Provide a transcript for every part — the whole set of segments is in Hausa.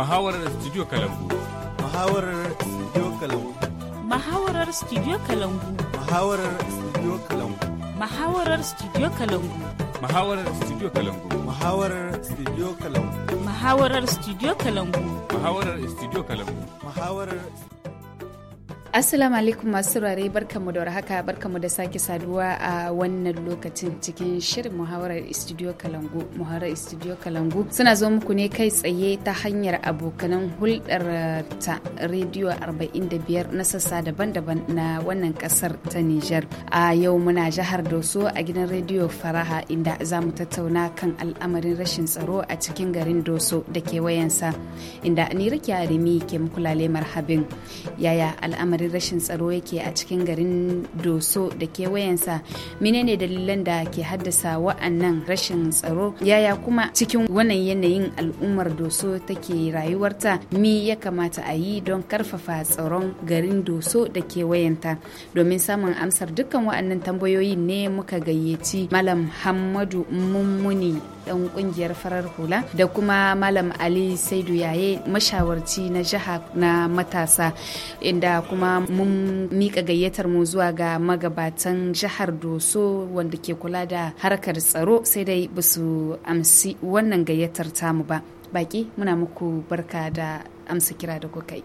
Mahawarar Studio Kalangu. Mahawarar Studio Kalangu. Mahawarar Studio Kalangu. Mahawarar Studio Kalangu. Mahawarar Studio Kalangu. Mahawarar Studio Kalangu. Mahawarar Studio Kalangu. Mahawarar Studio Kalangu. Mahawarar Studio Kalangu. studio kalangu. Assalamu alaikum masu rarai barkamu da warhaka barkamu da sake saduwa a wannan lokacin cikin shirin muhawarar Studio Kalangu. Muhawarar Studio Kalangu suna zo muku ne kai tsaye ta hanyar abokanan hulɗar uh, ta rediyo 45 na sassa daban-daban na wannan kasar ta Nijar. A yau muna jihar Doso a gidan rediyo Faraha inda za mu tattauna kan al'amarin rashin tsaro a cikin garin Doso da ke wayansa inda ni Rakiya Arimi ke muku lalemar habin. Yaya al'amarin al'amarin rashin tsaro yake a cikin garin doso da kewayensa menene dalilan da ke haddasa wa'annan rashin tsaro yaya kuma cikin wannan yanayin al'ummar doso take rayuwarta mi ya kamata a yi don karfafa tsaron garin doso da kewayenta domin samun amsar dukkan wa'annan tambayoyin ne muka gayyaci malam hammadu mummuni dan kungiyar farar hula da kuma malam ali saidu yaye mashawarci na jiha na matasa inda kuma mun mika gayyatar mu zuwa ga magabatan jihar doso wanda ke kula da harkar tsaro sai dai ba su amsi wannan gayyatar tamu ba baki muna muku barka da amsa kira da kuka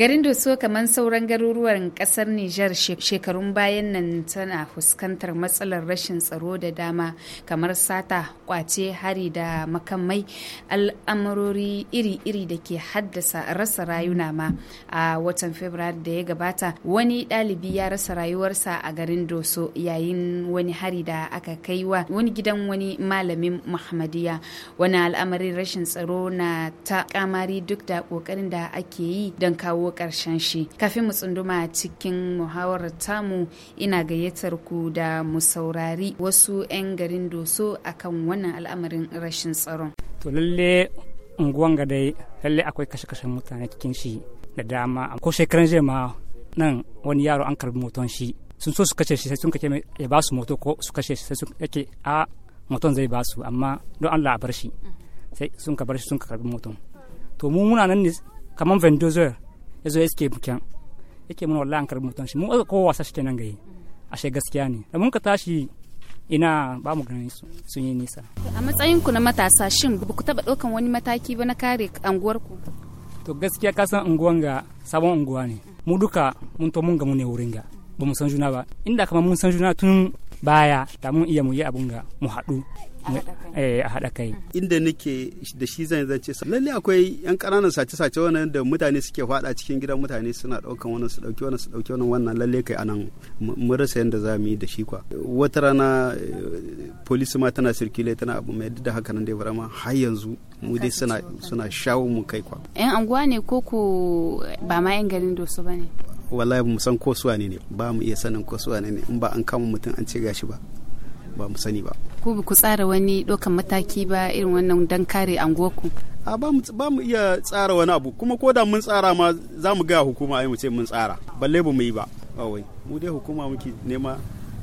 Garin so kamar sauran garuruwan kasar Nijar shekarun bayan nan tana fuskantar matsalar rashin tsaro da dama kamar sata, kwace, hari da makamai al'amurori iri-iri da ke haddasa rasa rayuna ma a watan Fabrairu da ya gabata wani ɗalibi ya rasa rayuwarsa a garin Doso yayin wani hari da aka kai wa wani gidan wani malamin Muhammadiyya wani al'amarin rashin tsaro na ta kamari duk da ƙoƙarin da ake yi don kawo karshen shi kafin mu tsunduma cikin muhawarar tamu ina gayyatar ku da mu saurari wasu 'yan garin doso akan wannan al'amarin rashin tsaron to lalle unguwan ga dai lalle akwai kashe kashe mutane cikin shi da dama ko shekaran jiya ma nan wani yaro an karbi moton shi sun so su kashe shi sai sun kake ya ba su moto ko su kashe shi sai sun yake a moton zai ba su amma don Allah a bar shi mm. sai sun ka bar shi sun ka karbi moton to mu muna nan ne kamar vendozor yazo ya suke buken yake mana wallahi an karbi shi mu aka wasa shi nan ashe gaskiya ne da mun ka tashi ina ba mu ganin sun yi nisa a matsayin ku na matasa shin ba ku taba ɗaukan wani mataki ba na kare anguwar ku to gaskiya ka san unguwan ga sabon unguwa ne mu duka mun to mun gamu ne wurin ga ba mu san juna ba inda kamar mun san juna tun baya da mun iya mu yi abun ga mu haɗu Eh, a haɗa kai inda nake da shi zan zance lalle akwai yan ƙananan sace-sace wannan da mutane suke faɗa cikin gidan mutane suna ɗaukan wannan su ɗauki wannan su ɗauki wannan wannan lalle kai anan mun rasa yadda za mu yi da shi kwa wata rana eh, polisi ma tana sirkile tana abu mai duk da haka nan dai barama har yanzu mu dai suna suna shawo mu kai kwa yan anguwa ne ko ko ba ma yan garin dosu ba ne wallahi mu san ko suwa ne ne ba mu iya sanin ko suwa ne ne in ba an kama mutum an ce gashi ba ba mu sani ba ku ku tsara wani ɗaukan mataki ba irin wannan don kare anguwarku a ba mu iya tsara wani abu kuma ko da mun tsara ma za mu gaya hukuma a mu ce mun tsara balle ba mu yi ba wai mu dai hukuma muke nema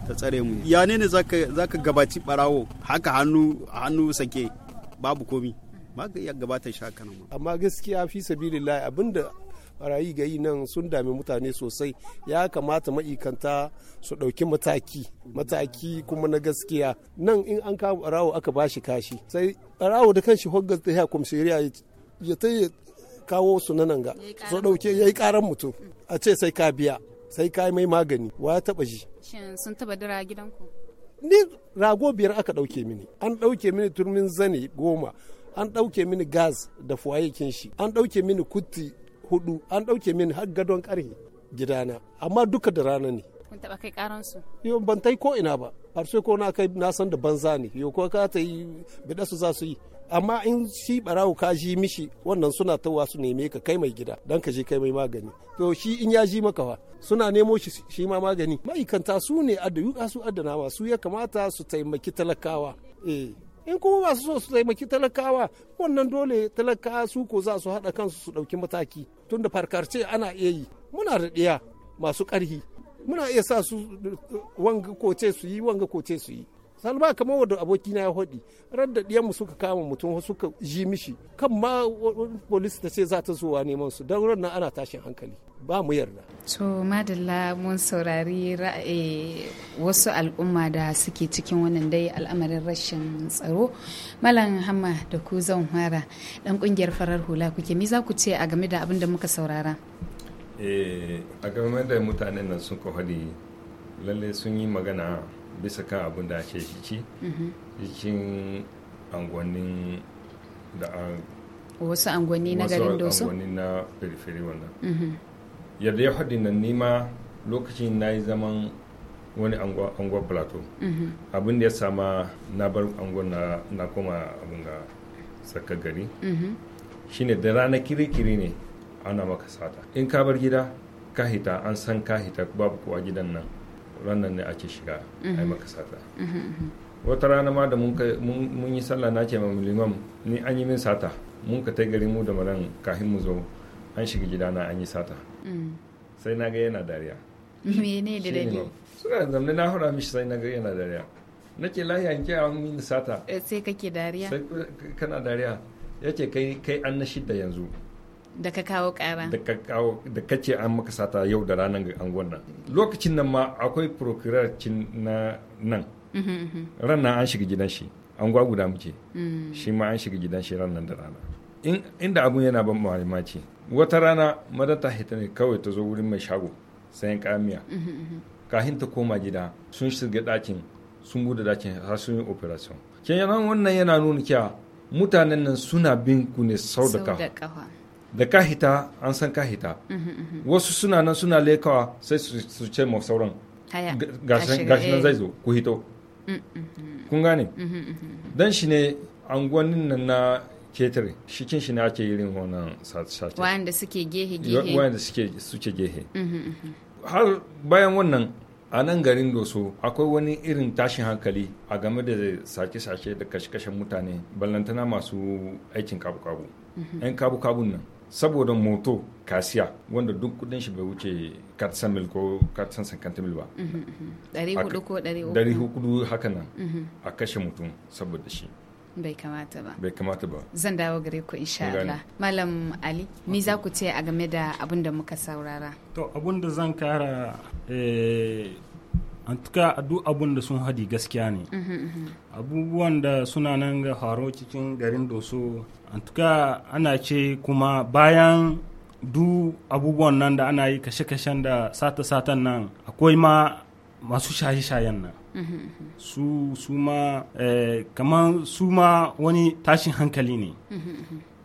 ta tsare mu ya ne ne za ka gabaci barawo haka hannu hannu sake babu komi ma ga iya gabatar shakanan. amma gaskiya fi sabilillah abinda barayi ga yi nan sun dami mutane sosai ya kamata ma'ikanta su ɗauki mataki mataki kuma na gaskiya nan in an kawo barawo aka bashi kashi sai barawo da kanshi hoggar ta ya shari'a ya ta kawo su na nan ga su ɗauke ya yi ƙaran mutum a ce sai ka biya sai ka mai magani wa ya taɓa shi sun taɓa dira gidanku ni rago biyar aka ɗauke mini an ɗauke mini turmin zane goma an ɗauke mini gas da fuwayekin shi an ɗauke mini kutti hudu an ɗauke min har gadon karhe gidana amma duka da rana ne kun taɓa kai ƙaransu yo ban tai ko ina ba har sai ko na kai na san da banza ne yo ko ka ta yi bida su za su yi amma in shi barawo ka ji mishi wannan suna ta wasu neme ka kai mai gida dan ka je kai mai magani to shi in ya ji maka wa suna nemo shi shi ma magani ma'aikanta su ne adda yuka su adda nama su ya kamata su taimaki talakawa eh in kuma masu so su taimaki talakawa wannan dole talakawa su ko za su haɗa kansu su ɗauki mataki tun da farkarce ana iya yi muna da ɗiya masu ƙarhi muna iya sa su wanga koce su yi wanga koce su yi ba kamar wadda abokina ya hodi ran da diyanmu suka kama mutum suka ji mishi kan ma polis ta ce za ta zuwa neman su don ran ana tashin hankali ba mu yarda to madalla mun saurari ra'ayi wasu al'umma da suke cikin wannan dai al'amarin rashin tsaro malam hamma da ku zan hara dan kungiyar farar hula kuke me za ku ce a game da abin da muka saurara eh, a game da mutanen nan sun hadi lallai sun yi magana bisa kan abin da ake ciki mhm. cikin angonin da wasu angwanni na garin doso wasu angwanni na firifiri wannan mhm. yadda ya haɗin nan nima lokacin na yi zaman wani angon plateau mhm. abin da ya sama na bar angon na koma abin ga saka gari shine da rana kirikiri ne ana maka sata in ka bar gida ka hita an san ka hita babu kowa gidan nan rannan ne ake shiga a yi mhm. maka sata mhm, mhm. wata rana ma da mun yi sallah na ce mamu limam ni an yi min sata mun ka tai gari mu da maran kahin mu zo an shiga gidana an yi sata mm. sai na ga yana dariya mene da dadi suka zamani na hura mishi sai na ga yana dariya nake lahiya in kiyawa min sata eh, sai kake dariya sai kana dariya yace kai kai an na shidda yanzu da ka kawo kara da ka kawo da ce an maka sata yau da ranar angon nan lokacin nan ma akwai procurer na nan mhm, mhm. ranar an shiga gidan shi an guda muke mm. shi ma an shiga gidan shi ranar da rana inda abun yana ban mamaci wata rana madata hita ne kawai ta zo wurin mai shago sayan kamiya mhm, kahin ta koma gida sun shiga dakin sun bude dakin har sun yi operation kenan wannan yana nuna cewa mutanen nan suna bin ku ne sau da kafa da kahita an san kahita mhm, mhm. wasu suna nan suna lekawa sai su ce ma sauran gashi nan eh. zai zo ku hito mm, mm, mm. kun gane mhm, dan shi ne anguwannin nan na ketare shikin shi ne ake irin wannan sace wanda suke gehe gehe wanda suke suke gehe har bayan wannan a nan garin doso akwai wani irin tashin hankali a game da sake-sake da kashe-kashen mutane ballantana masu aikin kabu-kabu 'yan kabu-kabun nan saboda moto kasiya wanda duk kudin shi bai wuce katsan mil ko 450 mil ba Dari mhm, mhm. ko haka nan mhm. a kashe mutum saboda shi bai kamata ba bai kamata ba zan dawo gare ku insha Allah malam ali ni za ku ce a game da abin da muka saurara to abin da zan kara eh, an tuka duk abun da sun hadi gaskiya ne abubuwan da suna nan ga haro cikin garin doso an tuka ana ce kuma bayan du abubuwan nan da ana yi kashe-kashen da sata-satan nan akwai ma masu shaye-shayen nan su su ma eh, kamar su ma wani tashin hankali ne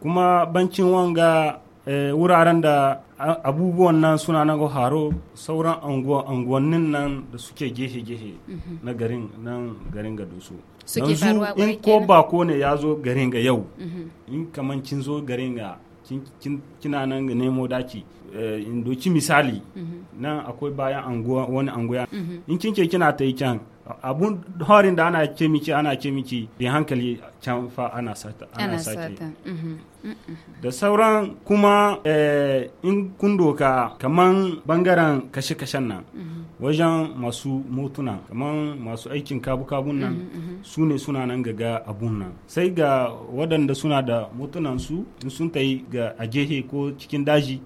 kuma bancin wanga Eh, wuraren da abubuwan nan suna na haro sauran anguwannin nan da suke gehe-gehe mhm. na garin nan garin ga dusu yanzu in ko bako ne ya zo garin ga yau mhm. in kaman kin zo garin ga kina nan ga nemo daki eh, in doki misali mhm. nan akwai bayan anguwa wani anguwa in kinke kina ta yi can abun horin da ana ce miki ana ce miki da hankali can fa ana sata ana sake mhm. da sauran kuma eh, in kun doka kaman bangaren kashe-kashen nan mhm. wajen masu motuna kaman masu aikin kabu-kabun nan mhm, su ne suna nan gaga abun nan sai ga waɗanda suna da motunan su in sun ta yi ga ajehe ko cikin daji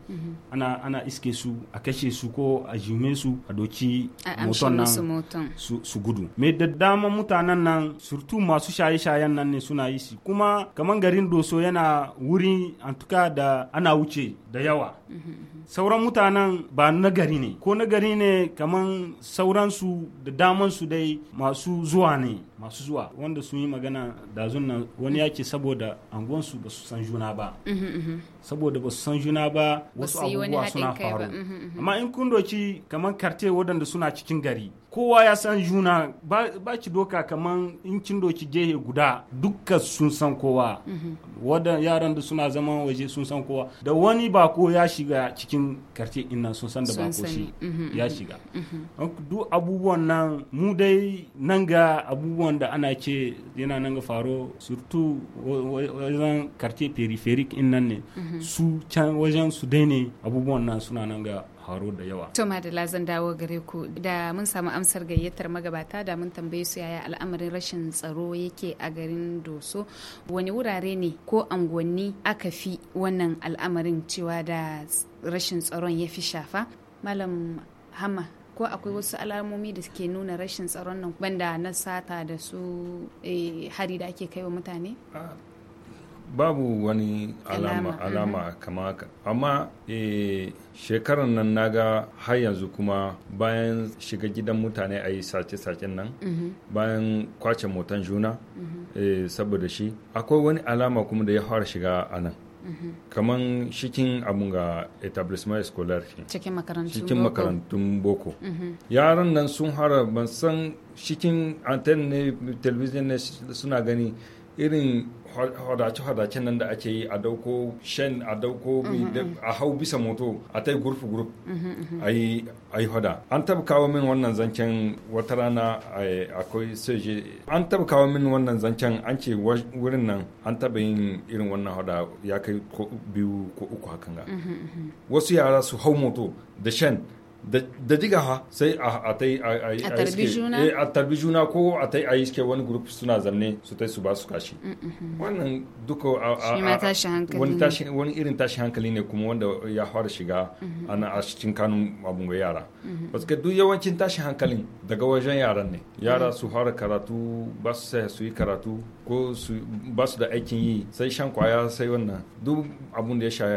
ana, ana iske su a kashe su ko a jime su a doki moton nan su gudu mai da dama mutanen nan surtu masu shaye-shayen nan ne suna yi shi kuma kaman garin doso yana wuri antuka da ana wuce da yawa sauran mutanen ba na gari ne ko na gari ne kaman sauransu da damansu dai masu zuwa ne masu zuwa wanda sun yi magana da nan wani yaki saboda anguwansu ba su san juna ba mhm, mhm. saboda ba su san juna ba wasu abubuwa suna faru mhm, amma in kun doki kamar karte wadanda suna cikin gari kowa ya san juna ba ki doka kamar in kin doki gehe guda dukkan sun san kowa wadanda yaran da suna zaman waje sun san kowa da wani bako ya shiga cikin karte innan sun san da bako shi ya shiga duk abubuwan nan mu dai nan ga abubuwan abubuwan da ana ce yana nan ga faro surtu wajen in nan ne mhm. su can wajen su daine abubuwan nan suna nan ga haro da yawa. To da zan dawo gare ku da mun samu amsar gayyatar magabata da mun tambaye su yaya al'amarin rashin tsaro yake a garin Doso wani wurare ne ko angonni aka fi wannan al'amarin cewa da rashin tsaron ya fi shafa. Malam Hama ko akwai wasu alamomi da suke nuna rashin tsaron nan banda na sata da su eh, hari da ake kai wa mutane babu wani alama alama kama haka amma eh, shekarar nan nan ga har yanzu kuma bayan shiga gidan mutane a yi sace-sacen nan mhm. bayan kwace motan juna mhm. eh, saboda shi akwai wani alama kuma da ya fara shiga a nan kaman shikin abun ga etablissement escolar cikin makarantun boko mhm. yaran nan sun hara ban san shikin antenne ne television ne suna gani irin hadace hadace nan da ake yi a dauko shen a dauko mhm, mhm. a hau bisa moto a ta yi gurfu gurf mhm, a yi hada an taba kawo min wannan zancen wata rana akwai soje an taba kawo min wannan zancen an ce wurin nan an taba yin irin wannan hada ya kai biyu ko uku hakan ga wasu yara su hau moto da shen da ha sai a tai eh, a tarbi juna ko a tai a yi iske wani grup suna zanne su tai su ba su kashi mm, mm, mm. wannan duka wani irin tashi hankali ne kuma wanda ya fara shiga mm-hmm. ana a cikin kanun abun yara mm-hmm. paske duk yawancin tashi hankalin daga wajen yaran ne yara mm-hmm. su fara karatu ba su sai su yi karatu ko ba su da aikin yi sai shan kwaya sai wannan duk abun da ya shaye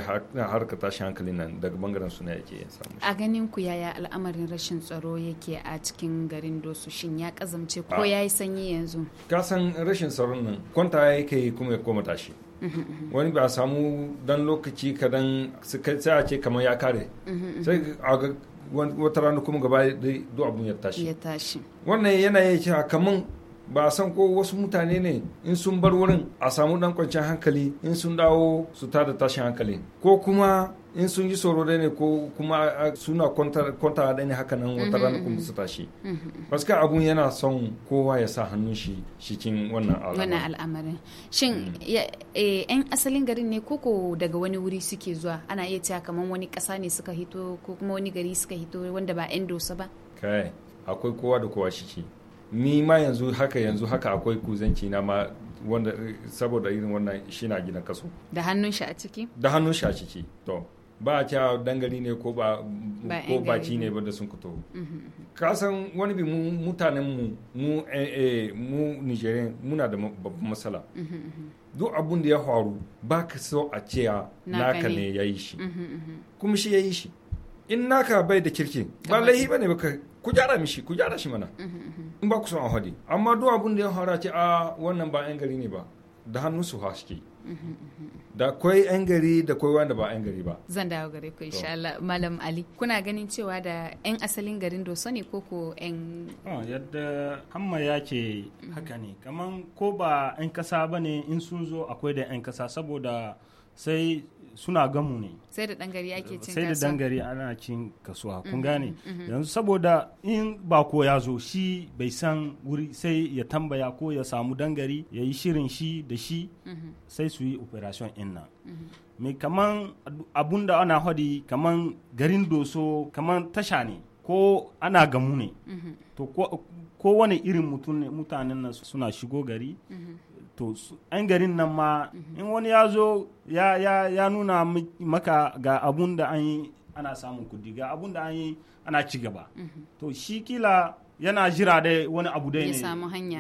harka tashi hankalin nan daga bangaren su ne yake samu a ganin ku yaya yaya al'amarin rashin tsaro yake a cikin garin dosu shin ya kazamce ko ah. ya yi sanyi yanzu kasan rashin tsaron nan kwanta ya yake kuma ya koma tashi wani ba samu dan lokaci kadan sai a ce kamar ya kare sai a wata rana kuma gaba da duk abun ya tashi ya tashi wannan yana yi cewa kamar ba a san ko wasu mutane ne in sun bar wurin a samu dan kwanciyar hankali in sun dawo su tada tashin hankali ko kuma in sun ji tsoro da ne ko kuma suna kwanta da ne haka nan wata rana mm-hmm, kuma su mm-hmm. tashi wasu mm-hmm. abun yana son kowa ya sa hannun shi cikin wannan al'amarin shin mm. yan eh, asalin garin ne koko daga wani wuri suke zuwa ana iya cewa kamar wani kasa ne suka hito ko kuma wani gari suka hito wanda ba yan dosa ba kai akwai kowa da kowa ce. ni ma yanzu haka yanzu haka akwai kuzanci na ma wanda eh, saboda irin wannan shi na gina kaso da hannun shi a ciki da hannun shi a ciki to ba a cewa dangali ne ko ba ko baci ne ba da sun kuto mm-hmm, mm-hmm. ka wani bi mutanen mu mu eh, eh, mu Nigerian muna da babban matsala mm-hmm, duk abun da ya faru ba ka so a cewa naka ne ya yi shi kuma shi ya yi shi in naka bai da kirkin ba laihi ne ba ku gyara mishi ku gyara shi mana in ba ku son a hadi amma duk abun da ya faru a ce a ah, wannan ba yan gari ne ba da hannu su haske da kwai 'yan gari da kwai wanda ba 'yan gari ba zan dawo gare ku insha Allah malam Ali kuna ganin cewa da 'yan asalin garin Doso ne koko 'yan yadda hamma ya ce haka ne kaman ko ba 'yan kasa ne in sun zo akwai da 'yan kasa saboda sai suna gamu ne sai da dangari ake cin sai da dangari ana cin kasuwa kun mm-hmm, gane mm-hmm. yanzu saboda in ba ko ya zo shi bai san wuri sai ya tambaya ko ya samu dangari ya yi shirin shi da shi mm-hmm. sai su yi operation in nan mai kaman abun da ana hadi kaman garin doso kaman tasha ne ko ana gamu ne to ko wani irin mutanen nan suna shigo gari to an garin nan ma in wani ya zo ya nuna maka ga abun da an yi ana samun kudi ga abun da an yi ana ci gaba to shi kila yana jira da wani abu dai ne ya samu hanya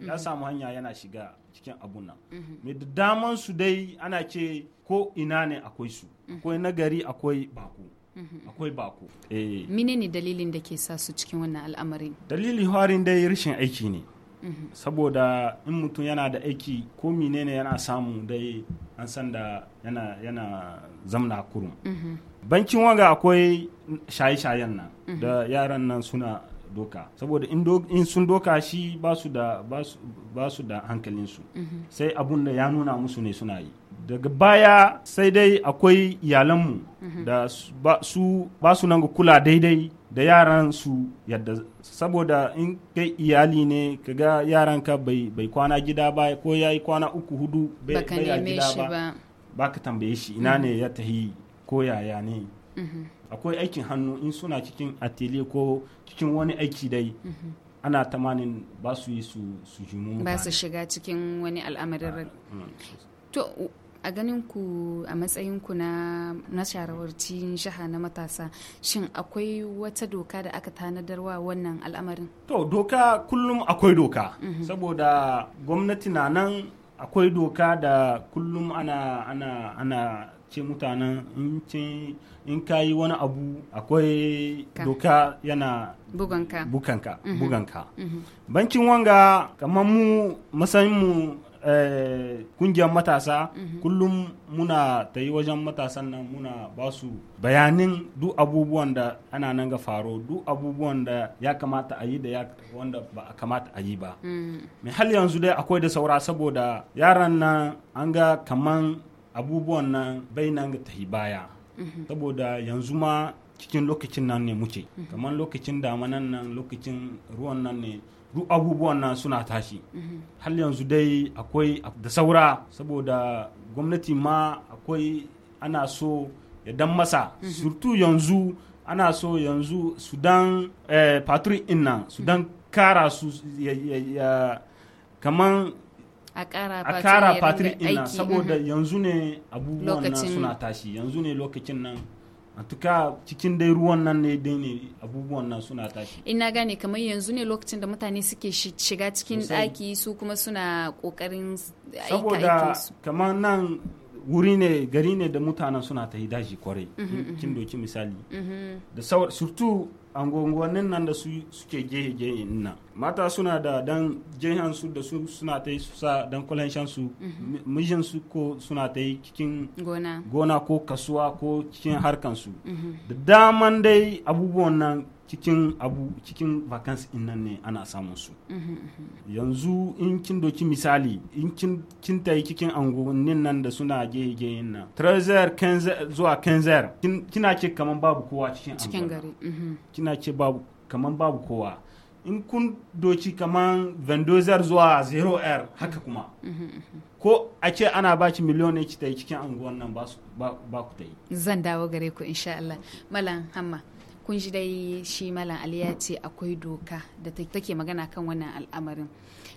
ya mhm. samu hanya yana shiga cikin abun nan mai mhm. da daman su dai ana ce ko ina ne akwai su mhm. akwai nagari akwai baku akwai baku eh. menene dalilin da ke sa su cikin wannan al'amarin dalilin harin dai rashin aiki ne saboda in mutum yana da aiki ko menene yana samu dai an san da yana yana zamna kurum mhm. bankin wanga akwai shaye-shayen nan da yaran nan suna doka saboda in sun doka shi ba su da hankalinsu mm-hmm. sai abun da ya nuna musu ne suna yi daga baya sai dai akwai iyalanmu mm-hmm. da su ba su nan kula daidai da yaran su yadda saboda in kai iyali ne ka ga ka bai kwana gida ba ko ya yi kwana uku hudu bai a gida ba ba ka tambaye shi ina ne ya mm-hmm. tahi ko yaya ne akwai aikin hannu in suna cikin atelier ko cikin wani aiki dai mhm. ana tamanin ba su yi su jimu ba su shiga cikin wani al'amarin ah, mm, to a ganin ku a matsayin ku na na shaha na matasa shin akwai wata doka da aka tanadarwa wannan al'amarin to doka kullum akwai doka mhm. saboda gwamnati na nan akwai doka da kullum ana ana ana ce mutanen in ce in ka yi wani abu akwai doka yana buganka mhm. buganka mhm. bankin wanga kamar mu masanin mu eh, kungiyar matasa mhm. kullum muna ta yi wajen matasan nan muna ba su bayanin duk abubuwan da ana nan ga faro duk abubuwan da ya kamata a yi da ya wanda ba a kamata a yi ba mai hal yanzu dai akwai da saura saboda yaran nan an ga kaman abubuwan nan bai nan ga ta baya saboda yanzu ma cikin lokacin nan ne muke kamar lokacin damanan nan lokacin ruwan nan ne duk abubuwan nan suna tashi har yanzu dai akwai da saura saboda gwamnati ma akwai ana so ya dan masa surtu yanzu ana so yanzu sudan eh, patrick inna sudan kara su ya, ya kaman a kara patrick ina saboda yanzu ne abubuwan nan suna tashi yanzu ne lokacin nan a tuka cikin dai ruwan nan ne dai ne abubuwan nan suna tashi ina gane kamar yanzu ne lokacin da mutane suke shiga cikin ɗaki su kuma suna ƙoƙarin saboda kamar nan wuri ne gari ne da mutanen suna ta yi daji kwarai cikin mhm, doki mhm, misali mhm. da surtu angongonin nan da su suke gehe gehe nan mata suna da dan jihan su da su suna ta yi sa dan shan su mhm. mijin su ko suna ta yi cikin gona ko kasuwa ko cikin harkansu su mhm. da daman dai abubuwan nan cikin abu cikin vacancy in nan ne ana samun su yanzu in kin doki misali in kin tayi cikin angonin nan da suna gege gehen nan trezer zuwa kenzer kina ce kaman babu kowa cikin gari mhm. kina ce babu kaman babu kowa in kun doki kaman vendozer zuwa 0r haka kuma ko a ce ana baki miliyon ne ki tayi cikin anguwan nan ba ku tayi zan dawo gare ku insha Allah malam hamma kun ji dai shi malam ali ya ce akwai doka da take magana kan wannan al'amarin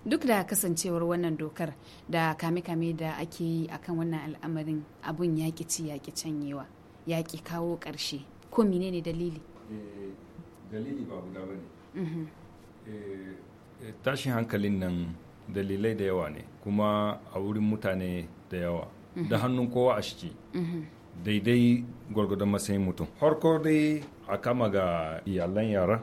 duk da kasancewar wannan dokar da kame-kame da ake yi akan wannan al'amarin abun yaƙi ci yaƙi canyewa yaƙi kawo ƙarshe ko menene dalili eh, dalili ba guda ba ne mhm. eh, eh, tashin hankalin nan dalilai da yawa ne kuma a wurin mutane da yawa da mhm. hannun kowa a shi mhm. daidai gwargwadon matsayin mutum harko dai a kama ga iyalan yara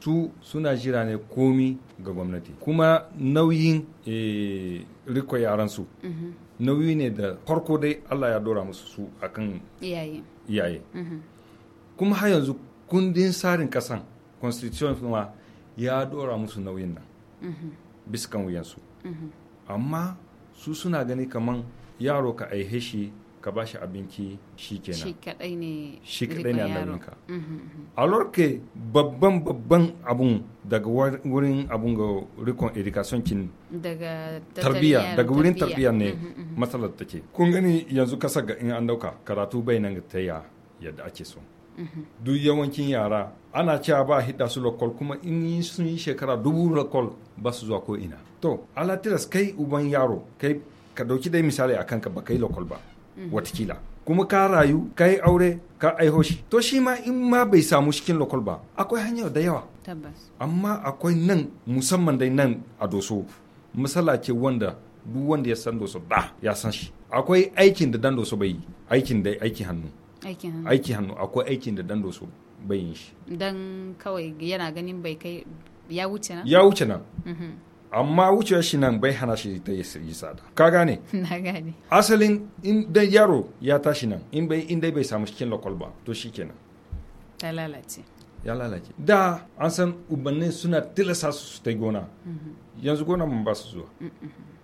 su suna jira ne komi ga gwamnati kuma nauyin eh, riko yaransu nauyi ne da farko dai allah ya dora musu su akan iyaye mhm. kuma har yanzu kundin tsarin kasan constitution kuma ya dora musu nauyin nan mhm. biskan wuyansu mhm. amma su suna gani kaman yaro ka aihe shi ka ba shi abinci shi kenan shi kadai ne a kadai ne annabinka mm-hmm, mm-hmm. a lorke babban babban abun daga wurin abun ga rikon education kin daga tarbiya daga wurin tarbiya ne mm-hmm, matsalar take kun gani yanzu kasa ga in an dauka karatu bai nan ta yadda ake so duk yawancin yara ana cewa ba hidda su lokol kuma in sun yi shekara dubu lokol ba su zuwa ko ina to tilas kai uban yaro kai ka dauki dai misali akan ka ba kai lokol ba Mhm. watakila kuma ka rayu ka yi aure ka aiho shi to shi ma in ma bai samu cikin lokal ba akwai hanyar da yawa amma akwai nan musamman dai nan a doso misala ce wanda duk wanda ya san doso da ya san shi akwai aikin da dan doso bai aikin da aikin hannu aikin hannu akwai aikin da dan doso bai yin shi dan kawai yana ganin bai kai ya wuce nan ya wuce nan mhm. amma wucewar shi nan bai hana shi ta yi tsada ka gane na gane asalin in dai yaro ya tashi nan in bai in dai bai samu cikin lokal ba to kenan. ta lalace ya lalace da an san ubannin suna tilasa su su ta gona mm-hmm. yanzu gona mun ba su zuwa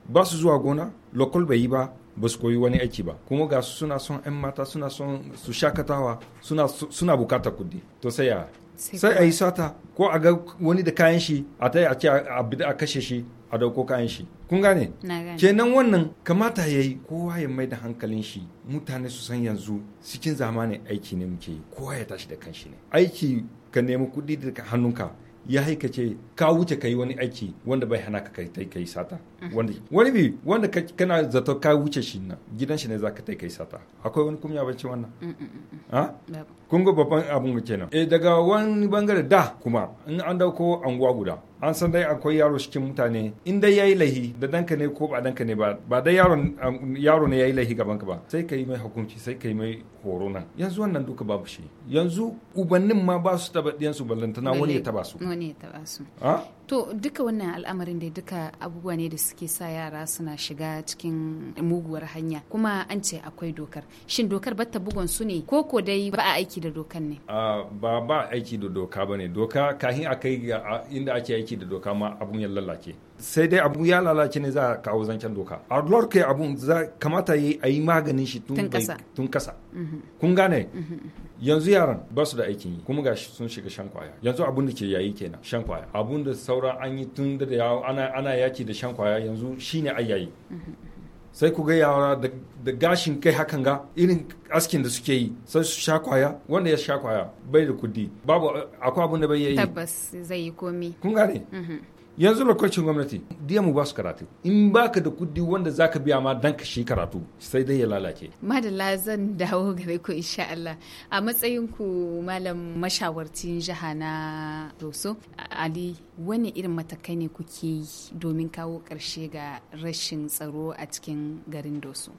ba su zuwa gona lokal bai yi ba ba su koyi wani aiki ba kuma ga su suna son 'yan mata suna son su shakatawa suna bukatar kudi to sai ya sai a yi sata ko a ga wani da kayan shi a ta a ce a bi a kashe shi a dauko kayan shi kun gane kenan wannan kamata ya yi kowa ya mai da hankalin shi mutane su san yanzu cikin zamanin aiki ne muke yi kowa ya tashi da kanshi ne aiki ka nemi kuɗi daga hannunka ya haikace ka wuce ka yi wani aiki wanda bai hana ka kai kai sata wanda wani bi wanda kana zato ka wuce shi na gidan shi ne zaka kai kai sata akwai wani kunya bace wannan mm, mm, mm, ha ah? kun ga babban abun kenan eh daga wani bangare da kuma in an dauko anguwa guda an san dai akwai yaro cikin mutane in dai yayi lahi da danka ne ko ba danka ne ba ba dai yaron yaro ne yayi lahi gaban ka ba sai kai mai hukunci sai kai mai horo yanzu wannan duka babu shi yanzu ubannin ma ba su taba diyan su ballantana wani ya taba su wani ya taba su to duka wannan al'amarin dai duka abubuwa ne da suke sa yara suna shiga cikin muguwar hanya kuma an ce akwai dokar shin dokar ta bugon su ne ko ko dai ba a aiki da dokar ne ah, ba ba aiki da doka bane doka kahin akai inda ake aiki aiki da doka ma abun ya lalace sai dai abu ya lalace ne za a kawo zancen doka a lorke abun za kamata yi a yi maganin shi tun kasa mhm. kun gane mhm. yanzu yaran ba su da aikin yi kuma ga sun shiga shan kwaya yanzu abun da ke yayi kenan shan kwaya abun da sauran an yi tun da ana yaki da shan kwaya yanzu shine ai yayi mhm. sai ku ga yara da gashin kai hakan ga irin askin da suke yi sai su sha kwaya wanda ya sha kwaya bai da kudi babu akwai abin da bai yi tabbas zai yi komi kun gane mhm. yanzu lokacin gwamnati diya mu ba su karatu in baka da kudi wanda zaka biya ma dan ka shi karatu sai dai ya lalace madalla zan dawo gare ku insha Allah a matsayin ku malam mashawarcin jiha na doso Ali wani irin matakai ne kuke yi domin kawo ƙarshe ga rashin tsaro a cikin garin Doso?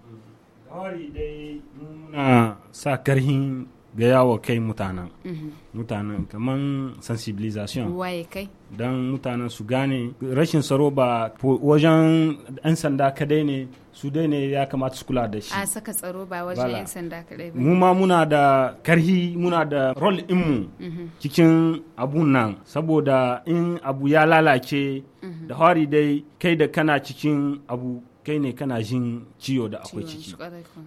Hari dai muna sa karhin gaya yawo kai mutanen mhm. mutanen kaman sensibilisation waye kai don mutanen su gane rashin tsaro ba wajen 'yan sanda kadai ne su dai ne ya kamata su kula da shi a saka tsaro ba wajen 'yan sanda kadai ba mu ma muna da karhi muna da rol inmu mhm. cikin abun nan saboda in abu ya lalace mhm. da hari dai kai da kana cikin abu kai ne kana jin ciwo da akwai ciki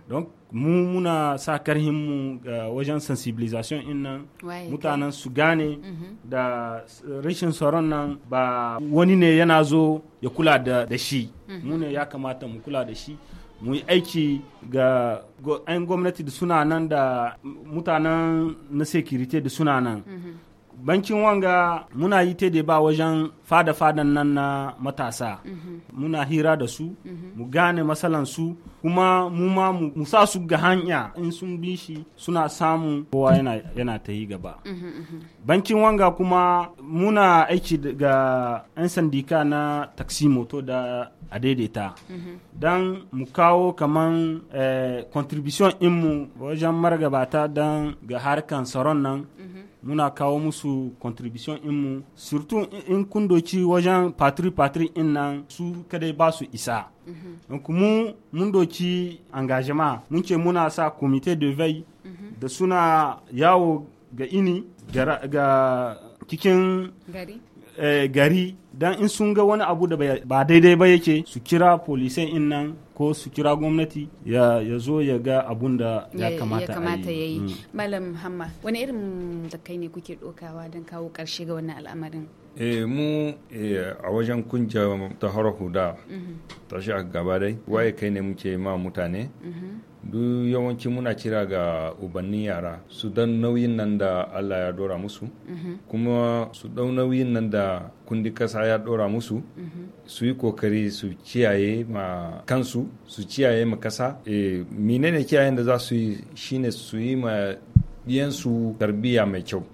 don mu muna sa karhin mu eh, wajen sensibilisation in nan mutanen su gane mhm. da rashin tsaron nan ba wani ne yana zo ya kula da shi mhm. mu ne ya kamata mu kula da shi mu aiki ga 'yan gwamnati da suna nan da mutanen na security da suna nan mhm. bankin wanga muna yi ta ba wajen fada-fadan nan na matasa mhm. muna hira da su mhm. mu gane matsalan su kuma mu ma mu sa su ga hanya in sun bi shi suna samun kowa yana ta yi gaba mhm, bankin wanga kuma muna aiki ga 'yan sandika na taksi moto da Mhm. a dans dan mu kawo contribution mu wajen margabata dan ga harkan muna kawo musu contribution mu surtout in kundoci wajen patri patri in nan su su isa mu mun engagement mun ce muna sa comité de veille mhm. De suna yawo ga ini ga gari euh, dan in sun ga wani abu da ba daidai ba yake su kira polisai in nan ko su kira gwamnati ya zo ya ga abun da ya kamata ya yi mm. malam hamma wani irin da kai ne kuke dokawa don kawo karshe ga wannan al'amarin e mu eh, a wajen kunja ta haro huda mhm. ta shi a gaba dai waye kai ne muke ma mutane mhm. duk yawanci muna kira ga ubannin yara su dan nauyin nan da Allah ya dora musu mhm. kuma su dau nauyin nan da kundi kasa ya dora musu su yi kokari su ciyaye ma kansu su ciyaye ma kasa e menene kiyayen da za su yi shine su yi ma diyansu tarbiyya mai kyau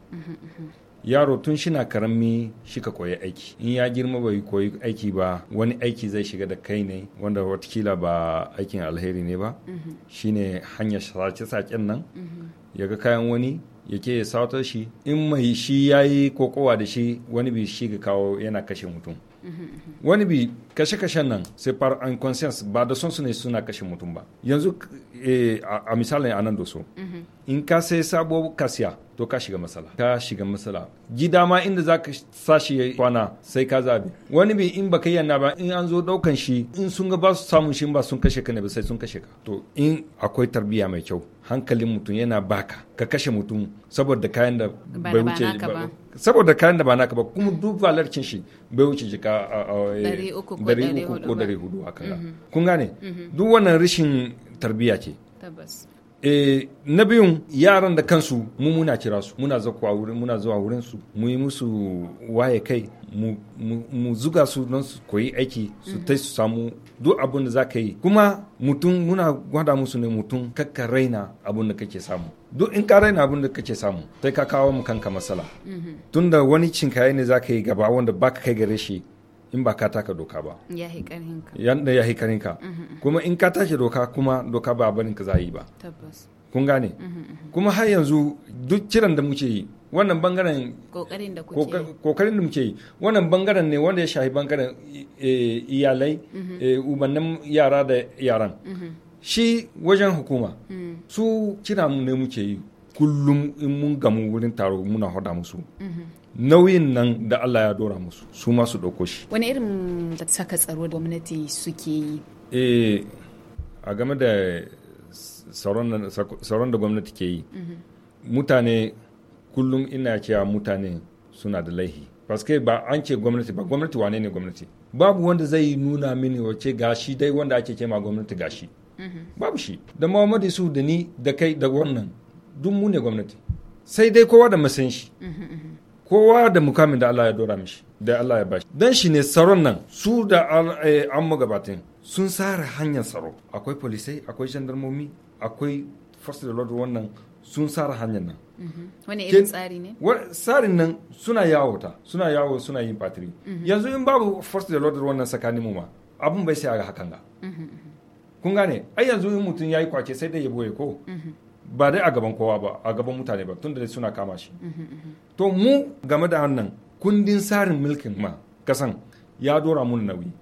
yaro tun shina karami shi ka koyi aiki in ya girma bai koyi aiki ba wani aiki zai shiga da kai ne wanda watakila ba aikin alheri ne ba mm-hmm. shine hanyar sace saken nan mm-hmm. ya ga kayan wani yake ke ya sautar shi in mai shi ya yi kokowa da shi wani bai shi ga kawo yana kashe mutum wani bi kashe-kashen nan sai par an conscience ba da son su ne suna kashe mutum ba yanzu eh, a misalin anan da so in ka sai sabo kasiya to ka shiga masala. ka shiga masala gida ma inda za ka sashi ya kwana sai ka zabe wani bi in baka yana ba in an zo daukan shi in sun ga ba su samun shi ba sun kashe ka ne ba sai sun kashe ka to in akwai tarbiyya mai kyau hankalin mutum yana baka ka kashe mutum saboda kayan da bai wuce saboda kayan da ba naka ba kuma duk valarcin shi bai wuce jika eh, dari uku ko dari hudu haka mhm. kun gane mhm. duk wannan rashin tarbiya ce e, na biyun yaran da kansu mu muna kira su muna zakuwa wurin muna zuwa wurin su mu yi musu waye kai mu, zuga su don su koyi aiki su mm-hmm. ta su samu duk abin da za ka yi kuma mutum muna gwada musu ne mutum kakka raina abin da kake samu duk in ka raina abin da kake samu sai ka kawo mu kanka matsala mm-hmm. tunda wani cinkaye ne za ka yi gaba wanda baka kai gare shi in ba ka taka doka ba hikarinka. ya hikarinka. ka mm-hmm, mm-hmm. kuma in ka take doka kuma doka ba barin ka za yi ba kun gane mm-hmm, kuma har yanzu duk kiran da muke yi wannan bangaren kokarin da muke yi wannan bangaren ne wanda ya shahi bangaren e, e, iyalai e, umarnin yara da yaran shi wajen hukuma mm. su kira ne muke yi kullum in mun gamu wurin taro muna hoda musu nauyin nan da Allah ya dora musu su ma su ɗauko shi wani irin da saka tsaro gwamnati suke yi eh a game da sauran da gwamnati ke yi mhm. mutane kullum ina cewa mutane suna da laihi paske ba an ce gwamnati ba gwamnati wane ne gwamnati babu wanda zai nuna mini wace gashi dai wanda ake ma gwamnati gashi mhm. babu shi da muhammadu su da ni da kai da wannan duk mu ne gwamnati sai dai kowa da masan shi mhm, kowa da mukamin da Allah ya dora mishi da Allah ya bashi dan shi ne tsaron nan su da eh, an magabatin sun tsara hanyar tsaro akwai polisai akwai jandarmomi akwai first da lord wannan sun tsara hanyar nan mhm. wani irin tsari ne tsarin nan suna yawo ta suna yawo suna yin patri mhm. yanzu in babu first da lord wannan tsakanin mu ma abun bai sai a hakan ga mhm, kun gane ai yanzu in mutum yayi kwace sai dai ya boye ko ba dai a gaban kowa ba a gaban mutane ba tun da dai suna kama shi mhm, mhm. to mu game da hannun kundin tsarin mulkin ma kasan ya dora mun nauyi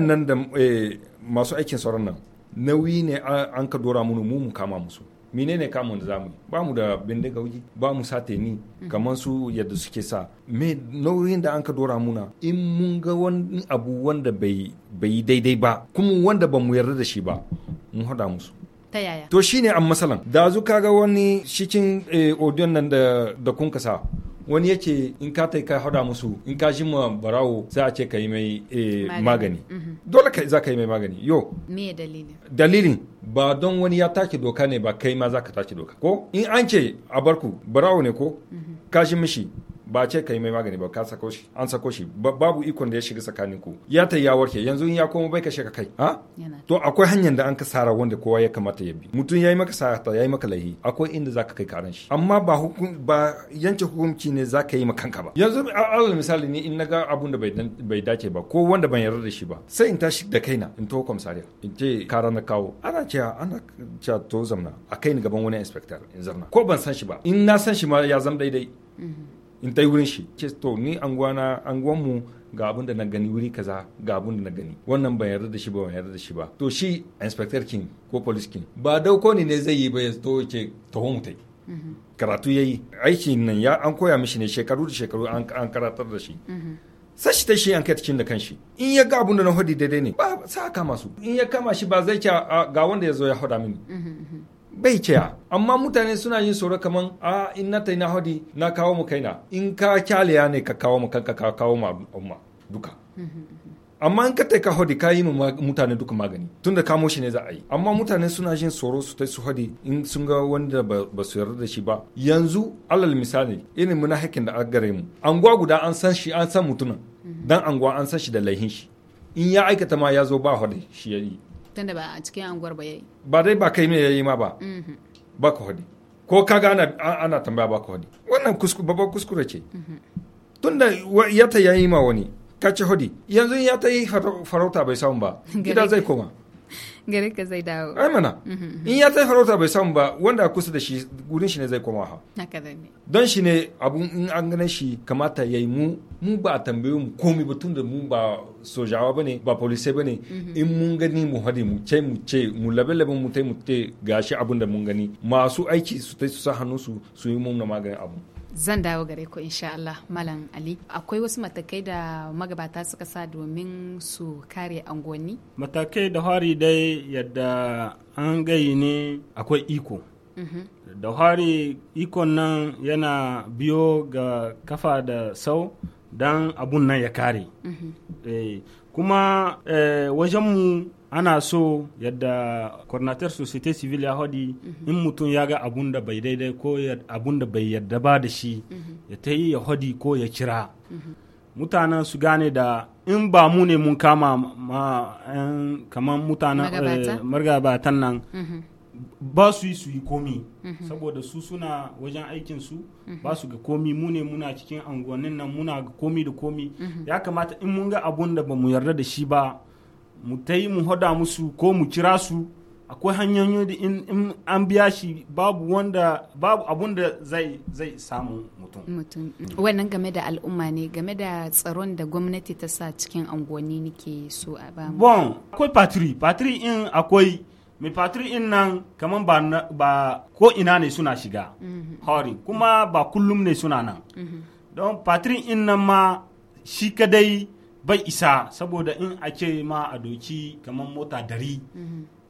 nan da eh, masu aikin sauran nan nauyi ne an ka dora mu mu kama musu mine ne kamun da zamu ba mu da bindiga wuji ba mu sate ni mhm. kamar su yadda suke sa me nauyin da an ka dora muna in mun ga wani abu wanda bai daidai ba kuma wanda ba mu yarda da shi ba mu hada musu ta yaya to shine an masalan da zu kaga wani cikin odiyon eh, nan da da kun kasa wani yake in ka tai ka hada musu in ka shi ma barawo sai a ce ka yi mai eh, magani mhm. dole ka za ka yi mai magani yo me dalilin dalilin ba don wani ya take doka ne ba kai ma za ka take doka ko in an ce a barku barawo ne ko mhm. kashi mishi ba ce yi mai magani ba ka sako shi an sako shi babu ikon da ya shiga tsakanin ku ya ta ya warke yanzu in ya koma bai ka ka kai ha to akwai hanyar da an ka sara wanda kowa ya kamata ya bi mutum yayi maka sarata yayi maka lahi akwai inda zaka kai karan shi amma ba hukum ba yanke hukunci ne zaka yi kanka ba yanzu alal misali ni in naga abun da bai dace ba ko wanda ban yarda da shi ba sai in tashi da kaina in to komisariya in ce kara na kawo ana ce ana ce to zamna a kai ni gaban wani inspector in zamna ko ban san shi ba in na san shi ma ya zam daidai mm-hmm. in ta yi wurin shi ce to ni anguwana anguwanmu ga abin da na gani wuri kaza ga abin da na gani wannan ban yarda da shi ba ban yarda da shi ba to shi inspector king ko police king ba dauko ni ne zai yi ba ya to ce taho mu tai mm-hmm. karatu yayi aikin nan ya an koya mishi ne shekaru da shekaru an karatar da shi mm-hmm. shi ta shi an kai cikin da kanshi in ya ga abun da na hodi daidai ne ba sa kama su in ya kama shi ba zai ce ga wanda ya zo ya hoda mini mm-hmm, bai kya amma mutane suna yin tsoro kaman a in na tai na hadi na kawo mu kaina in ka kyaliya ne ka kawo mu kanka ka kawo mu umma duka mm-hmm. amma in ka ta ka hadi ka yi mu mutane duka magani tun da kamo shi ne za a yi amma mutane suna yin tsoro su ta su hadi in sun ga wanda ba su yarda da shi ba yanzu alal misali irin na hakkin da gare mu anguwa guda an san shi an san mutumin mm-hmm. dan anguwa an san shi da laihin shi in ya aikata ma ya zo ba hadi shi ya yi tunda ba a cikin anguwar ba yayi ba dai ba kai ne yayi ma ba mm-hmm. ba ka hodi ko ka ana ana tambaya ba ka hodi wannan babban kuskure ce mm-hmm. tunda ya ta yayi ma wani ka ci hodi yanzu ya ta yi farauta bai samu ba gida zai koma garin ka zai dawo ai mana mhm. in ya tafi farauta bai samu ba wanda kusa da shi gurin shi ne zai koma ha don shi ne abun in an ganin shi kamata yi mu mu ba a tambaye mu komi ba tun da mu ba sojawa ne ba police bane mhm. in mun gani mu hadi mu ce mu ce mu labe labe mu tai mu te gashi abun da mun gani masu aiki su tai su sa hannu su su yi mun na maganin abu zan dawo gare ku insha Allah malam Ali akwai wasu matakai da magabata suka sa domin su kare angoni matakai da hari dai yadda an gayi ne akwai iko mm-hmm. da hari ikon nan yana biyo ga kafa da sau don abun nan ya kare mm-hmm. eh, kuma eh, wajenmu ana so yadda coordinateur société civile ya haɗi mhm. in mutum ya ga abun da bai daidai ko abun da bai yarda ba da shi mhm. ya ta yi ya haɗi ko ya kira mhm. mutanen su gane da in ba mu ne mun kama ma kamar mutanen eh, margabatan nan ba su yi su yi komi saboda su suna wajen aikin su ba su ga komi mu ne muna cikin anguwannin nan muna ga komi da komi ya kamata in mun ga abun da ba mu yarda da shi ba mu ta yi mu hada musu ko mu kira su akwai hanyoyi da in an biya shi babu wanda babu abun da zai zai samu mutum mutum wannan game da al'umma ne game da tsaron da gwamnati ta sa cikin angoni nike so a ba bon akwai patri patri in akwai mai patri in nan kaman ba, ba ko ina ne suna shiga mhm. hori kuma ba kullum ne suna nan mhm. don patri in nan ma shi kadai bai isa saboda in a ce ma a doki kamar mota dari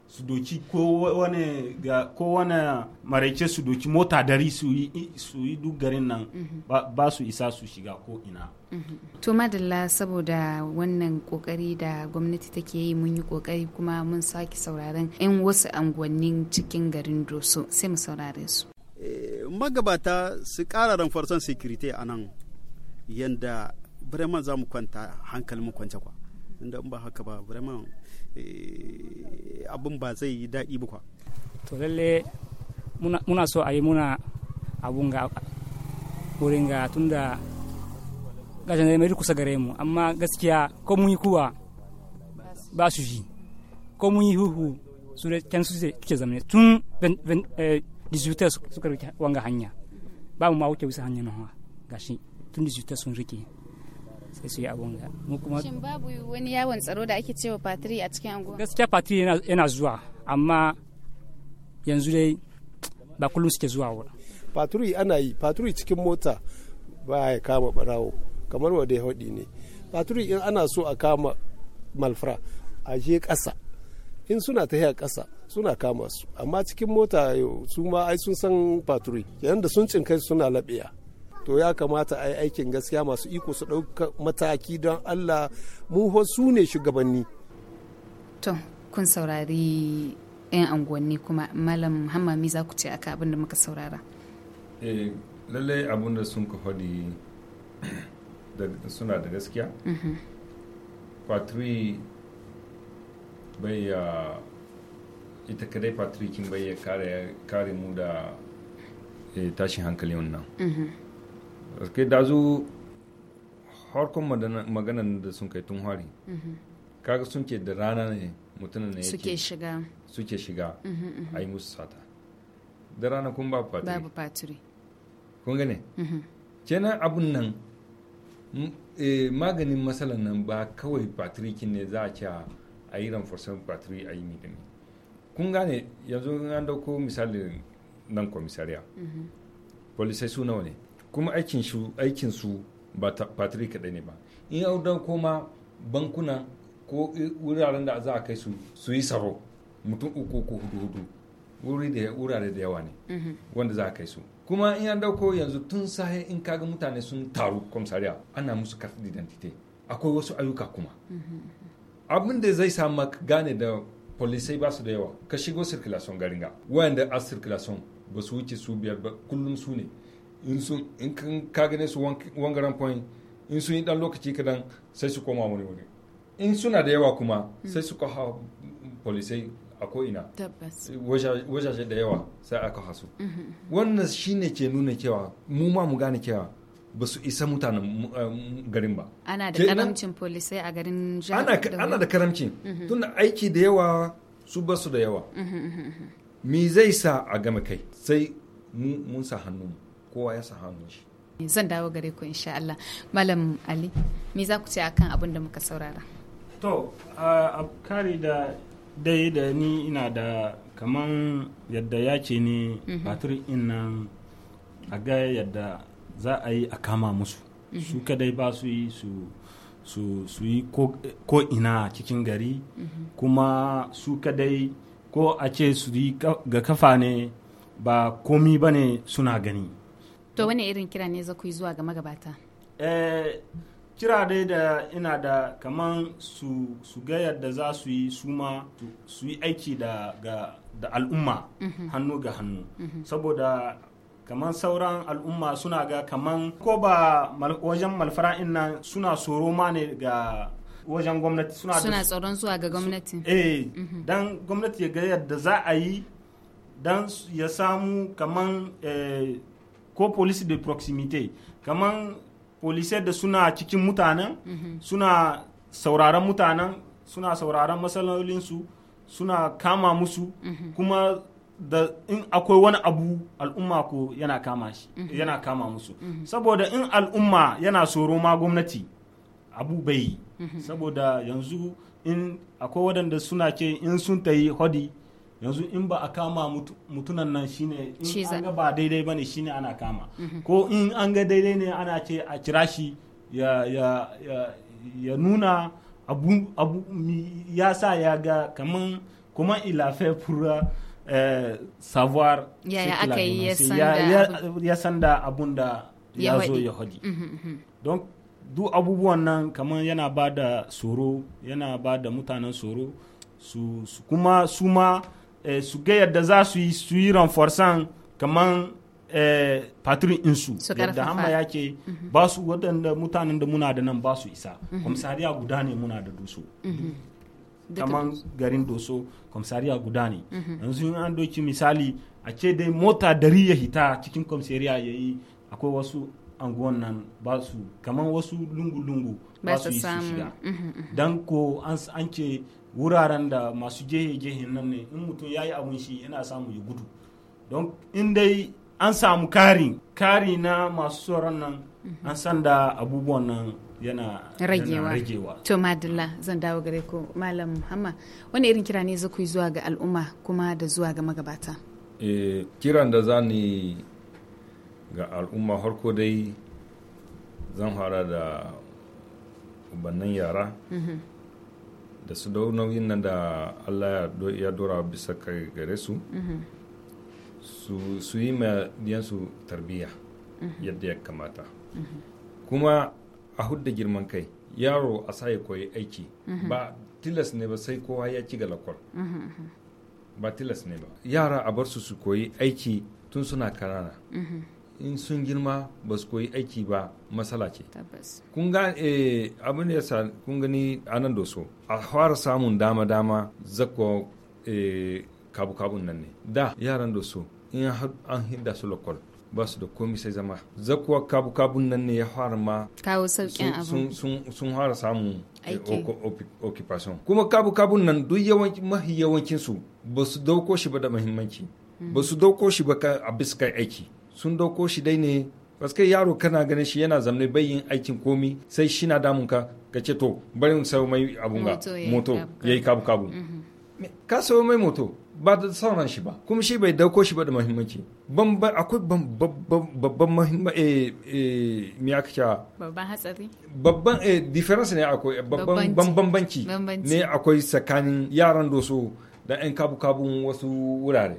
su doki ko wani maraice su doki mota dari su yi duk garin nan ba su isa su shiga ko ina to madalla saboda wannan kokari da gwamnati take yi mun yi kokari kuma mun sake sauraron 'yan wasu angonin cikin garin doso sai mu saurare su eh, magabata su kararan farsan security a nan yadda bremen za mu kwanta hankalin mu kwance kwa inda in ba haka ba bremen eh, abin ba zai yi daɗi ba kwa to lalle muna so a yi muna abun ga wurin ga da gajen da mai kusa gare mu amma gaskiya ko mun yi kuwa ba su ji ko mun yi huhu su da can su ke zamani tun eh, dijitar suka rike wanga hanya ba mu ma wuce bisa hanyar nan gashi tun dijitar sun rike sai su yi abun ga mu kuma shin babu wani yawon tsaro da ake cewa patri a cikin anguwa gaskiya patri yana zuwa amma yanzu dai ba kullum suke zuwa ba patri ana yi patri cikin mota ba ya kama barawo kamar wa dai hodi ne patri in ana so a kama malfra a je ƙasa in suna tafiya ƙasa suna kama su amma cikin mota su ma ai sun san patri yanda sun cinkai suna laɓiya to ya kamata a yi aikin gaskiya masu iko su ɗauka mataki don allah mu su ne shugabanni to kun saurari 'yan anguwanni kuma malam hammami za ku ce aka abin da muka saurara eh, lallai abin da sun ka faɗi suna da gaskiya mhm. patri bai ya ita kadai patri kin bai ya kare mu da eh, tashin hankali wannan mhm. gaske da zu harkon maganan da sun kai tun hari mhm. kaga sun ce da rana ne mutumin ne suke shiga suke shiga mhm, mhm. a yi musu sata da rana kun ba faturi babu faturi kun gane kenan abun nan eh, maganin matsalan nan ba kawai kin ne za a ce a yi ranforsan patri a yi mitami kun gane yanzu an dauko misalin nan komisariya polisai su nawa ne kuma aikin su ba patri kaɗai ne ba in yau dan koma bankunan ko wuraren da za a kai su su yi saro mutum uku ko hudu hudu wuri da wurare da yawa ne mm-hmm. wanda za a kai su kuma in an dauko yanzu tun sahe in ka ga mutane sun taru komisariya ana musu kartin identity akwai wasu ayyuka kuma mm-hmm. abin da zai sa gane da polisai ba su da yawa ka shigo circulation garinga wayanda a circulation ba su wuce su biyar ba kullum su ne in su in kan ka gane su wangaren point in sun yi dan lokaci kadan sai su koma wani wuri in suna da yawa kuma hmm. sai su kawo polisai a ko'ina wajaje da yawa sai aka hasu mhm. wannan shine ke nuna cewa mu ma mu gane cewa ba su isa mutanen eh, garin ba ana da karamcin polisai a garin ana da karamcin mhm. tunda aiki da yawa su ba su da yawa mi mhm, zai sa a gama kai sai mun sa hannunmu kowa ya sa hannun shi zan dawo gare ku insha Allah malam Ali me za ku ce akan abin da muka saurara to a kari da dai da ni ina da kaman yadda ya ce ne baturi mhm. nan a ga yadda za a yi a kama musu mhm. su kadai ba su yi su su su yi ko ina cikin gari mhm. kuma su kadai ko a ce su yi ga kafa ne ba komi ba ne suna gani to wani irin kira ne za ku yi zuwa ga magabata eh kira dai da ina da kaman su su ga yadda za su yi suma su yi aiki da ga da al'umma mhm. hannu ga hannu mhm. saboda kaman sauran al'umma suna ga kaman ko ba wajen malfara'in nan suna soro ma ne ga wajen gwamnati suna suna tsoron zuwa ga gwamnati eh mhm. dan gwamnati ya ga yadda za a yi dan ya samu kaman eh, ko polisi de proximité kaman polisai da suna cikin mutanen mhm. suna sauraron mutanen suna sauraron matsalolinsu suna kama musu mhm. kuma da in akwai wani abu al'umma ko yana kama shi mhm. yana kama musu saboda in al'umma yana soro ma gwamnati abu bai saboda yanzu in akwai waɗanda suna ce in sun ta yi hodi yanzu in ba a kama mutunan nan shine in an ga ba daidai bane shine ana kama mhm. ko in an ga daidai ne ana ce a kira shi ya, ya, ya, ya nuna abu, abu ya sa ya ga kaman kuma ilafe fura eh, savoir ya sanda abun da ya zo ya hadi mhm, mhm. don du abubuwan nan kaman yana ba da tsoro yana ba da mutanen soro su kuma su ma Eh, su ga yadda za su yi su yi ranforsan kamar eh, patrick insu yadda hamma ya ke mhm. ba su waɗanda mutanen da muna da nan ba su isa mhm. komisariya guda ne muna da mhm. dusu kamar garin doso komisariya guda ne yanzu an doki misali a ce dai mota dari ya hita cikin kwamsariya ya yi akwai wasu anguwan nan ba su kamar wasu lungu-lungu ba su yi su shiga don ko an ce wuraren da masu gehe-gehe nan ne in mutum ya yi abun shi yana samu ya gudu don in dai an samu kari kari na masu tsoron nan mhm. an san da abubuwan nan yana ragewa to madalla zan dawo gare ku malam muhammad wani irin kira ne zaku yi zuwa ga al'umma kuma da zuwa ga magabata eh, kiran da za ni ga al'umma harko dai zan fara da ubannin yara mhm. da su dau nauyin nan da allah ya dora bisa kai gare mhm. su su yi ma diyansu tarbiyya mhm. yadda ya kamata mhm. kuma a hudda girman kai yaro a sa ya koyi aiki ba tilas ne ba sai kowa ya ci galakwar ba tilas ne ba yara a bar su su koyi aiki tun suna kanana in sun girma ba su koyi aiki ba matsala ce kun ga eh, abin da yasa kun gani anan doso a fara samun dama dama zakko eh, kabu kabun nan ne da yaran doso in an hidda su lokal ba su da komi sai zama Zakko kabu kabun nan ne ya fara ma kawo sauƙin abin sun fara samun eh, occupation kuma kabu kabun nan duk mahi yawancin su ba su dauko shi ba da muhimmanci mm. ba su dauko shi ba a bisa aiki sun dauko shi dai ne paske yaro kana ganin shi yana zamne bai yin aikin komi sai shi na damun ka ka ce to bari in sayo mai abun ga moto yayi kabu kabu mm-hmm. ka sayo mai moto ba da sauran shi ba kuma shi bai dauko shi ba da muhimmanci akwai babban muhimmanci eh, eh, me aka cewa babban hatsari babban eh, difference ne akwai babban bambanci ne akwai tsakanin yaran doso da 'yan kabu-kabun wasu wurare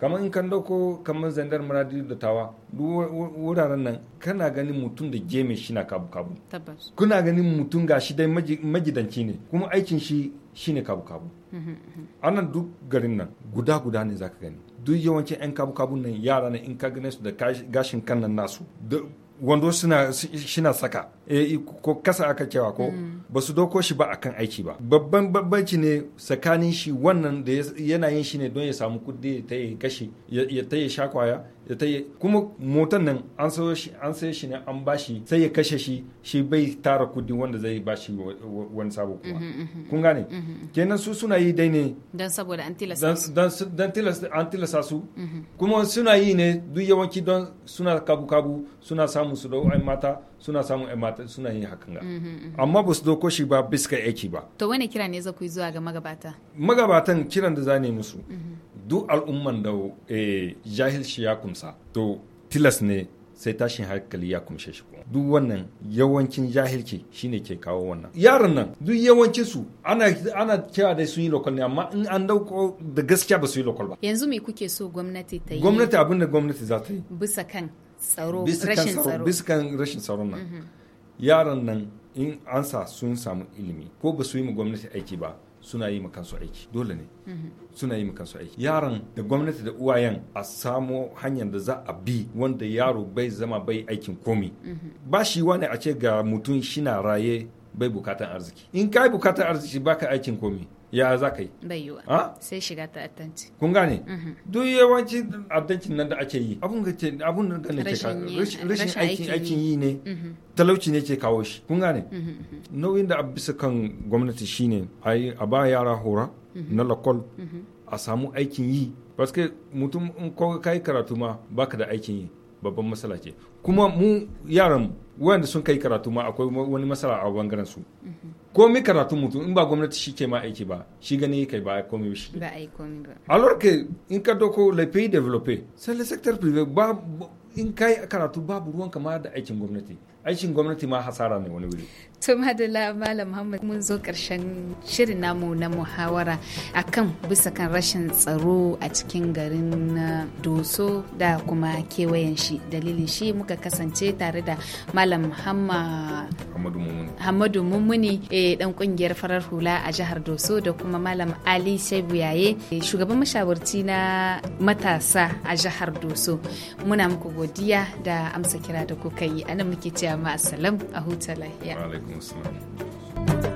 kamar in kan dauko kamar zandar maradi da tawa wuraren nan kana ganin mutum da geme shi na kabu-kabu kuna ganin mutum ga shi dai magidanci ne kuma aikin shi ne kabu-kabu anan duk garin nan guda-guda ne zaka gani duk yawancin 'yan kabu kabu nan yara ne in ka gane su da gashin kan nan nasu wando suna shina saka e ko kasa aka cewa ko mm. ba su doko shi ba akan aiki ba babban babbanci ne tsakanin shi wannan da yana yin shi ne don ya samu kudi ta yi kashi ya ta yi shakwaya da ta yi kuma motan nan an sayo shi an sayo shi ne an bashi sai ya kashe shi shi bai tara kudi wanda zai bashi wani sabo kuma mm-hmm, mm-hmm. kun gane mm-hmm. kenan su suna yi dai ne dan saboda an tilasta su dan tilasta su kuma suna yi ne duk yawanci don suna kabu kabu suna samu su dau ai mata suna samun ai mata suna yin hakan ga amma ba su doko shi ba biska aiki ba to wani kira ne za ku yi zuwa ga magabata magabatan kiran da za ne musu duk al'umman da eh, jahilci ya kumsa to tilas ne sai tashin hankali ya kumshe shi duk wannan yawancin jahilci shine ke kawo wannan yaran nan duk yawancin su ana ana cewa dai sun yi lokal ne amma in an dauko da gaskiya ba su yi lokal ba yanzu me kuke so gwamnati ta yi gwamnati abin da gwamnati za ta yi bisa kan tsaro rashin tsaro bisa kan rashin tsaro nan mm-hmm. yaran nan in an sa sun samu ilimi ko ba su yi mu gwamnati aiki ba suna yi kansu aiki dole ne mhm. suna yi kansu aiki yaran da gwamnati da uwayen a samo hanyar da za a bi wanda yaro bai zama bai aikin komi mhm. ba shi wani a ce ga mutum shina raye bai bukatan arziki in ka bukatan arziki ba ka aikin komi ya za ka yi bai wa. sai shiga ta'addanci kun gane mhm. duk yawanci addancin nan da ake yi abun ga abun nan da ne ke rashin aikin aikin yi ne mhm. talauci ne ke kawo shi kun gane mhm, nauyin da a bisa kan gwamnati shine a ba yara hora na lakol a samu aikin yi paske mutum in ka yi karatu ma baka da aikin yi babban matsala ce kuma mu yaran wanda sun kai karatu ma akwai wani masala a bangaren su ko mi karatu mutum in ba gwamnati shi ke ma aiki ba shi gani kai ba komai shi ba ai komai ba alors que in ka doko le pays développé c'est le secteur privé ba in kai karatu babu ruwan kama da aikin gwamnati aikin gwamnati ma hasara ne wani wuri To madalla Malam Muhammad mun zo karshen shirin namu na muhawara akan bisa kan rashin tsaro a cikin garin Doso da kuma kewayen shi. Dalilin shi muka kasance tare da Malam Hamadu Mummuni dan eh, kungiyar farar hula a jihar Doso da kuma Malam Ali Shebu Yaye eh, shugaban mashawarci na matasa a jihar Doso. Muna muku godiya da amsa kira da kuka yi. Anan muke cewa ma a huta lafiya. Muçulmano.